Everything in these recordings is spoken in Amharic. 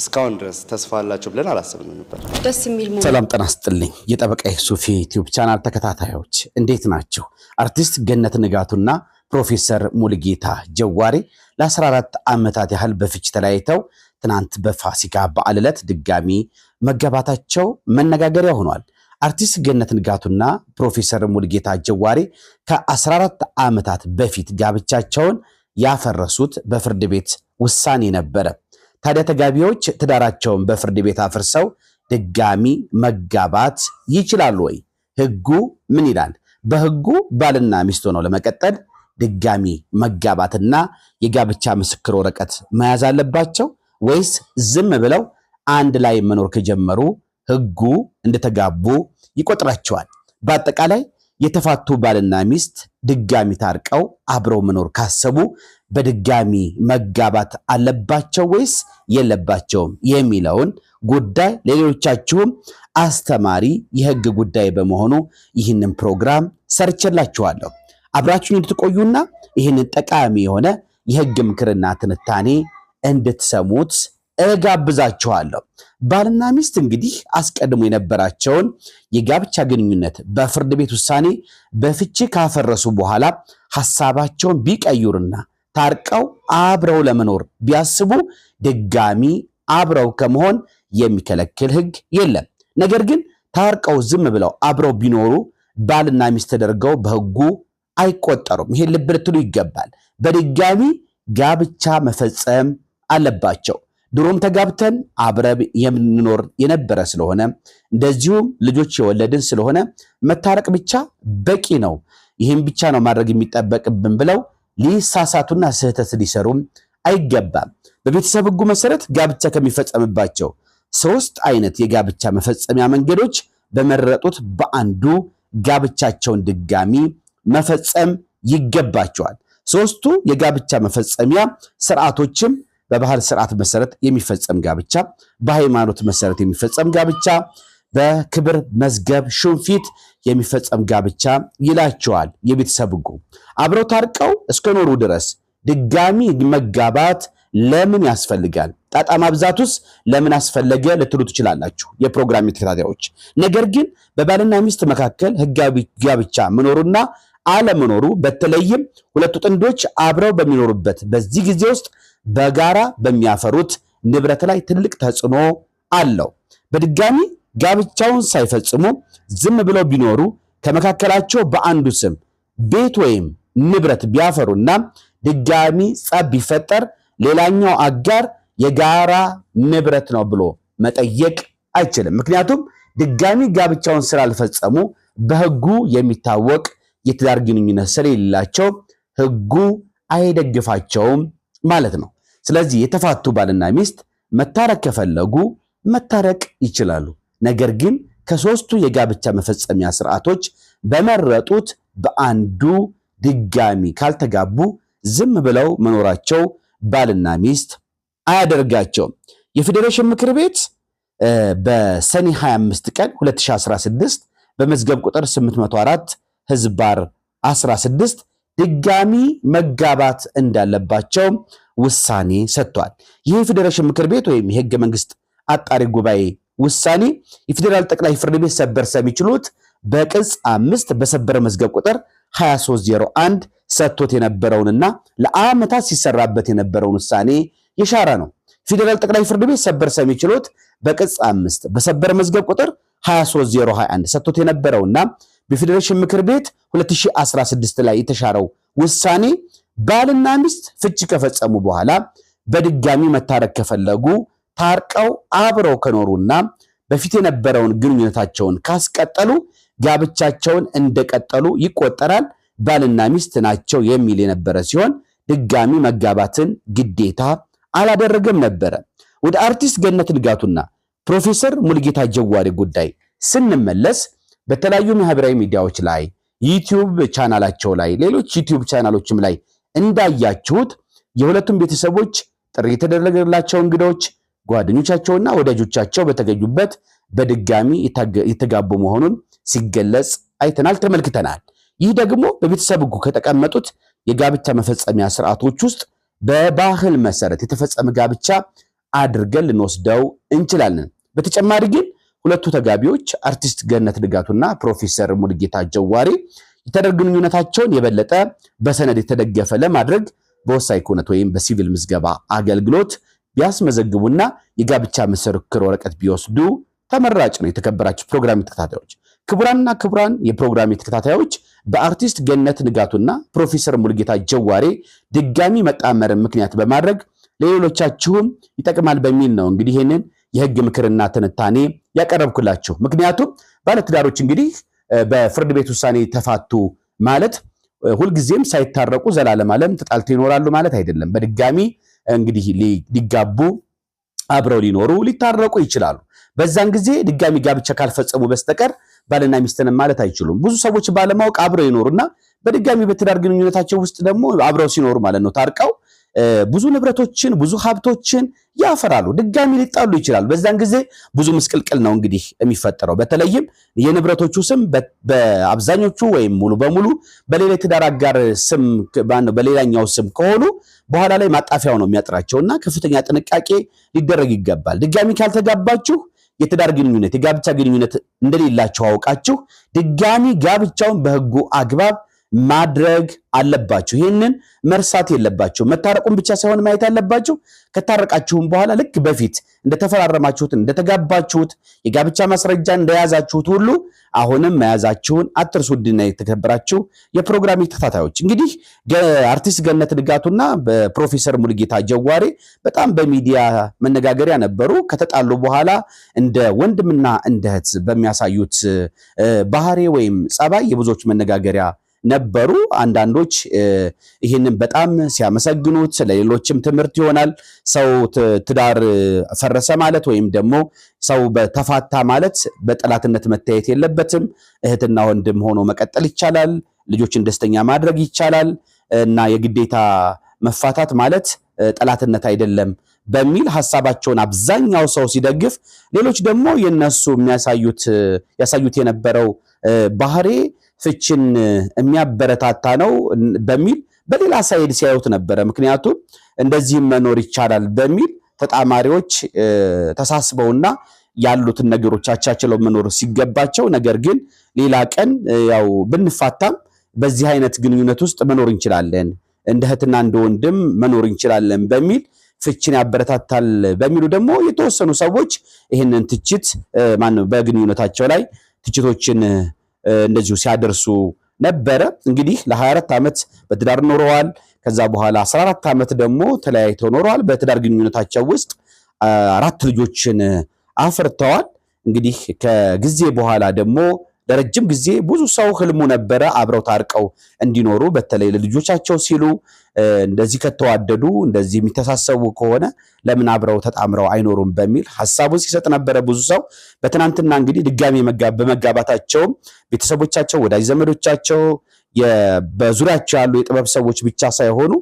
እስካሁን ድረስ ተስፋ አላቸው ብለን አላሰብንም ነበር። ደስ የሚል ሰላም ጤና የጠበቃ ሱፊ ዩቲዩብ ቻናል ተከታታዮች እንዴት ናችሁ? አርቲስት ገነት ንጋቱና ፕሮፌሰር ሙልጌታ ጀዋሬ ለ14 ዓመታት ያህል በፍች ተለያይተው ትናንት በፋሲካ በዓል ዕለት ድጋሚ መገባታቸው መነጋገሪያ ሆኗል። አርቲስት ገነት ንጋቱና ፕሮፌሰር ሙልጌታ ጀዋሬ ከ14 ዓመታት በፊት ጋብቻቸውን ያፈረሱት በፍርድ ቤት ውሳኔ ነበረ። ታዲያ ተጋቢዎች ትዳራቸውን በፍርድ ቤት አፍርሰው ድጋሚ መጋባት ይችላሉ ወይ? ህጉ ምን ይላል? በህጉ ባልና ሚስት ሆነው ለመቀጠል ድጋሚ መጋባትና የጋብቻ ምስክር ወረቀት መያዝ አለባቸው ወይስ ዝም ብለው አንድ ላይ መኖር ከጀመሩ ህጉ እንደተጋቡ ይቆጥራቸዋል? በአጠቃላይ የተፋቱ ባልና ሚስት ድጋሚ ታርቀው አብረው መኖር ካሰቡ በድጋሚ መጋባት አለባቸው ወይስ የለባቸውም የሚለውን ጉዳይ ለሌሎቻችሁም አስተማሪ የህግ ጉዳይ በመሆኑ ይህንን ፕሮግራም ሰርችላችኋለሁ። አብራችሁን እንድትቆዩና ይህንን ጠቃሚ የሆነ የህግ ምክርና ትንታኔ እንድትሰሙት እጋብዛችኋለሁ። ባልና ሚስት እንግዲህ አስቀድሞ የነበራቸውን የጋብቻ ግንኙነት በፍርድ ቤት ውሳኔ በፍቺ ካፈረሱ በኋላ ሐሳባቸውን ቢቀይሩና ታርቀው አብረው ለመኖር ቢያስቡ ድጋሚ አብረው ከመሆን የሚከለክል ሕግ የለም። ነገር ግን ታርቀው ዝም ብለው አብረው ቢኖሩ ባልና ሚስት ተደርገው በሕጉ አይቆጠሩም። ይሄን ልብ ልትሉ ይገባል። በድጋሚ ጋብቻ መፈጸም አለባቸው። ድሮም ተጋብተን አብረብ የምንኖር የነበረ ስለሆነ እንደዚሁም ልጆች የወለድን ስለሆነ መታረቅ ብቻ በቂ ነው፣ ይህም ብቻ ነው ማድረግ የሚጠበቅብን ብለው ሊሳሳቱና ስህተት ሊሰሩም አይገባም። በቤተሰብ ሕጉ መሰረት ጋብቻ ከሚፈጸምባቸው ሶስት አይነት የጋብቻ መፈጸሚያ መንገዶች በመረጡት በአንዱ ጋብቻቸውን ድጋሚ መፈጸም ይገባቸዋል። ሶስቱ የጋብቻ መፈጸሚያ ስርዓቶችም በባህል ስርዓት መሰረት የሚፈጸም ጋብቻ፣ በሃይማኖት መሰረት የሚፈጸም ጋብቻ፣ በክብር መዝገብ ሹምፊት የሚፈጸም ጋብቻ ይላቸዋል። የቤተሰብ ሕጉ አብረው ታርቀው እስከኖሩ ድረስ ድጋሚ መጋባት ለምን ያስፈልጋል? ጣጣ ማብዛቱስ ለምን አስፈለገ ልትሉ ትችላላችሁ፣ የፕሮግራም ተከታታዮች። ነገር ግን በባልና ሚስት መካከል ህጋዊ ጋብቻ መኖሩና አለመኖሩ በተለይም ሁለቱ ጥንዶች አብረው በሚኖሩበት በዚህ ጊዜ ውስጥ በጋራ በሚያፈሩት ንብረት ላይ ትልቅ ተጽዕኖ አለው። በድጋሚ ጋብቻውን ሳይፈጽሙ ዝም ብለው ቢኖሩ ከመካከላቸው በአንዱ ስም ቤት ወይም ንብረት ቢያፈሩና ድጋሚ ጸብ ቢፈጠር ሌላኛው አጋር የጋራ ንብረት ነው ብሎ መጠየቅ አይችልም። ምክንያቱም ድጋሚ ጋብቻውን ስላልፈጸሙ በሕጉ የሚታወቅ የትዳር ግንኙነት ስለሌላቸው ሕጉ አይደግፋቸውም ማለት ነው። ስለዚህ የተፋቱ ባልና ሚስት መታረቅ ከፈለጉ መታረቅ ይችላሉ። ነገር ግን ከሶስቱ የጋብቻ መፈጸሚያ ስርዓቶች በመረጡት በአንዱ ድጋሚ ካልተጋቡ ዝም ብለው መኖራቸው ባልና ሚስት አያደርጋቸውም። የፌዴሬሽን ምክር ቤት በሰኔ 25 ቀን 2016 በመዝገብ ቁጥር 804 ህዝባር 16 ድጋሚ መጋባት እንዳለባቸው ውሳኔ ሰጥቷል። ይህ የፌዴሬሽን ምክር ቤት ወይም የህገ መንግስት አጣሪ ጉባኤ ውሳኔ የፌዴራል ጠቅላይ ፍርድ ቤት ሰበር ሰሚ ችሎት በቅጽ አምስት በሰበር መዝገብ ቁጥር 2301 ሰጥቶት የነበረውንና ለአመታት ሲሰራበት የነበረውን ውሳኔ የሻረ ነው። ፌዴራል ጠቅላይ ፍርድ ቤት ሰበር ሰሚ ችሎት በቅጽ አምስት በሰበር መዝገብ ቁጥር 2301 ሰጥቶት የነበረውና በፌዴሬሽን ምክር ቤት 2016 ላይ የተሻረው ውሳኔ ባልና ሚስት ፍቺ ከፈጸሙ በኋላ በድጋሚ መታረቅ ከፈለጉ ታርቀው አብረው ከኖሩና በፊት የነበረውን ግንኙነታቸውን ካስቀጠሉ ጋብቻቸውን እንደቀጠሉ ይቆጠራል። ባልና ሚስት ናቸው የሚል የነበረ ሲሆን ድጋሚ መጋባትን ግዴታ አላደረገም ነበረ። ወደ አርቲስት ገነት ንጋቱና ፕሮፌሰር ሙልጌታ ጀዋሪ ጉዳይ ስንመለስ በተለያዩ ማህበራዊ ሚዲያዎች ላይ ዩቲዩብ ቻናላቸው ላይ ሌሎች ዩቲዩብ ቻናሎችም ላይ እንዳያችሁት የሁለቱም ቤተሰቦች ጥሪ የተደረገላቸው እንግዶች ጓደኞቻቸውና ወዳጆቻቸው በተገኙበት በድጋሚ የተጋቡ መሆኑን ሲገለጽ አይተናል፣ ተመልክተናል። ይህ ደግሞ በቤተሰብ ሕጉ ከተቀመጡት የጋብቻ መፈጸሚያ ስርዓቶች ውስጥ በባህል መሰረት የተፈጸመ ጋብቻ አድርገን ልንወስደው እንችላለን። በተጨማሪ ግን ሁለቱ ተጋቢዎች አርቲስት ገነት ንጋቱና ፕሮፌሰር ሙልጌታ ጀዋሬ የተደረገ ግንኙነታቸውን የበለጠ በሰነድ የተደገፈ ለማድረግ በወሳኝ ኩነት ወይም በሲቪል ምዝገባ አገልግሎት ቢያስመዘግቡና የጋብቻ ምስክር ወረቀት ቢወስዱ ተመራጭ ነው። የተከበራቸው ፕሮግራም ተከታታዮች፣ ክቡራንና ክቡራን የፕሮግራም ተከታታዮች በአርቲስት ገነት ንጋቱና ፕሮፌሰር ሙልጌታ ጀዋሬ ድጋሚ መጣመርን ምክንያት በማድረግ ለሌሎቻችሁም ይጠቅማል በሚል ነው እንግዲህ ይህንን የህግ ምክርና ትንታኔ ያቀረብኩላቸው። ምክንያቱም ባለትዳሮች እንግዲህ በፍርድ ቤት ውሳኔ ተፋቱ ማለት ሁልጊዜም ሳይታረቁ ዘላለም ዓለም ተጣልተው ይኖራሉ ማለት አይደለም። በድጋሚ እንግዲህ ሊጋቡ አብረው ሊኖሩ ሊታረቁ ይችላሉ። በዛን ጊዜ ድጋሚ ጋብቻ ካልፈጸሙ በስተቀር ባልና ሚስትንም ማለት አይችሉም። ብዙ ሰዎች ባለማወቅ አብረው ይኖሩና በድጋሚ በትዳር ግንኙነታቸው ውስጥ ደግሞ አብረው ሲኖሩ ማለት ነው ታርቀው ብዙ ንብረቶችን ብዙ ሀብቶችን ያፈራሉ። ድጋሚ ሊጣሉ ይችላሉ። በዛን ጊዜ ብዙ ምስቅልቅል ነው እንግዲህ የሚፈጠረው። በተለይም የንብረቶቹ ስም በአብዛኞቹ ወይም ሙሉ በሙሉ በሌላ የትዳር አጋር ስም በሌላኛው ስም ከሆኑ በኋላ ላይ ማጣፊያው ነው እና ከፍተኛ ጥንቃቄ ሊደረግ ይገባል። ድጋሚ ካልተጋባችሁ የትዳር ግንኙነት የጋብቻ ግንኙነት እንደሌላችሁ አውቃችሁ ድጋሚ ጋብቻውን በህጉ አግባብ ማድረግ አለባችሁ። ይህንን መርሳት የለባችሁ። መታረቁን ብቻ ሳይሆን ማየት ያለባችሁ ከታረቃችሁም በኋላ ልክ በፊት እንደተፈራረማችሁት እንደተጋባችሁት የጋብቻ ማስረጃ እንደያዛችሁት ሁሉ አሁንም መያዛችሁን አትርሱ። ውድና የተከበራችሁ የፕሮግራም ተከታታዮች እንግዲህ አርቲስት ገነት ንጋቱና በፕሮፌሰር ሙልጌታ ጀዋሬ በጣም በሚዲያ መነጋገሪያ ነበሩ። ከተጣሉ በኋላ እንደ ወንድምና እንደ እህት በሚያሳዩት ባህሪ ወይም ጸባይ የብዙዎች መነጋገሪያ ነበሩ። አንዳንዶች ይህንን በጣም ሲያመሰግኑት ለሌሎችም ትምህርት ይሆናል። ሰው ትዳር ፈረሰ ማለት ወይም ደግሞ ሰው በተፋታ ማለት በጠላትነት መታየት የለበትም። እህትና ወንድም ሆኖ መቀጠል ይቻላል። ልጆችን ደስተኛ ማድረግ ይቻላል እና የግዴታ መፋታት ማለት ጠላትነት አይደለም በሚል ሀሳባቸውን አብዛኛው ሰው ሲደግፍ፣ ሌሎች ደግሞ የነሱ የሚያሳዩት ያሳዩት የነበረው ባህሪ ፍችን የሚያበረታታ ነው በሚል በሌላ ሳይድ ሲያዩት ነበረ። ምክንያቱም እንደዚህም መኖር ይቻላል በሚል ተጣማሪዎች ተሳስበውና ያሉትን ነገሮች አቻችለው መኖር ሲገባቸው፣ ነገር ግን ሌላ ቀን ያው ብንፋታም በዚህ አይነት ግንኙነት ውስጥ መኖር እንችላለን፣ እንደ እህትና እንደ ወንድም መኖር እንችላለን በሚል ፍችን ያበረታታል በሚሉ ደግሞ የተወሰኑ ሰዎች ይህንን ትችት ማነው በግንኙነታቸው ላይ ትችቶችን እንደዚሁ ሲያደርሱ ነበረ። እንግዲህ ለ24 ዓመት በትዳር ኖረዋል። ከዛ በኋላ 14 ዓመት ደግሞ ተለያይተው ኖረዋል። በትዳር ግንኙነታቸው ውስጥ አራት ልጆችን አፍርተዋል። እንግዲህ ከጊዜ በኋላ ደግሞ ለረጅም ጊዜ ብዙ ሰው ህልሙ ነበረ አብረው ታርቀው እንዲኖሩ በተለይ ለልጆቻቸው ሲሉ እንደዚህ ከተዋደዱ እንደዚህ የሚተሳሰቡ ከሆነ ለምን አብረው ተጣምረው አይኖሩም በሚል ሀሳቡን ሲሰጥ ነበረ ብዙ ሰው። በትናንትና እንግዲህ ድጋሚ በመጋባታቸውም ቤተሰቦቻቸው፣ ወዳጅ ዘመዶቻቸው፣ በዙሪያቸው ያሉ የጥበብ ሰዎች ብቻ ሳይሆኑ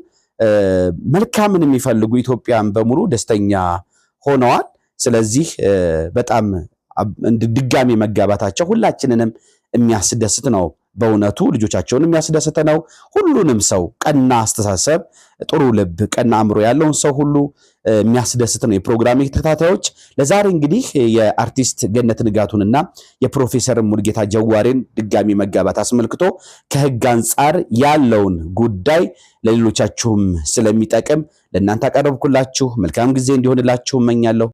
መልካምን የሚፈልጉ ኢትዮጵያን በሙሉ ደስተኛ ሆነዋል። ስለዚህ በጣም ድጋሚ መጋባታቸው ሁላችንንም የሚያስደስት ነው። በእውነቱ ልጆቻቸውን የሚያስደስት ነው። ሁሉንም ሰው ቀና አስተሳሰብ፣ ጥሩ ልብ፣ ቀና አእምሮ ያለውን ሰው ሁሉ የሚያስደስት ነው። የፕሮግራሚ ተከታታዮች ለዛሬ እንግዲህ የአርቲስት ገነት ንጋቱንና የፕሮፌሰር ሙልጌታ ጀዋሬን ድጋሚ መጋባት አስመልክቶ ከህግ አንጻር ያለውን ጉዳይ ለሌሎቻችሁም ስለሚጠቅም ለእናንተ አቀረብኩላችሁ። መልካም ጊዜ እንዲሆንላችሁ እመኛለሁ።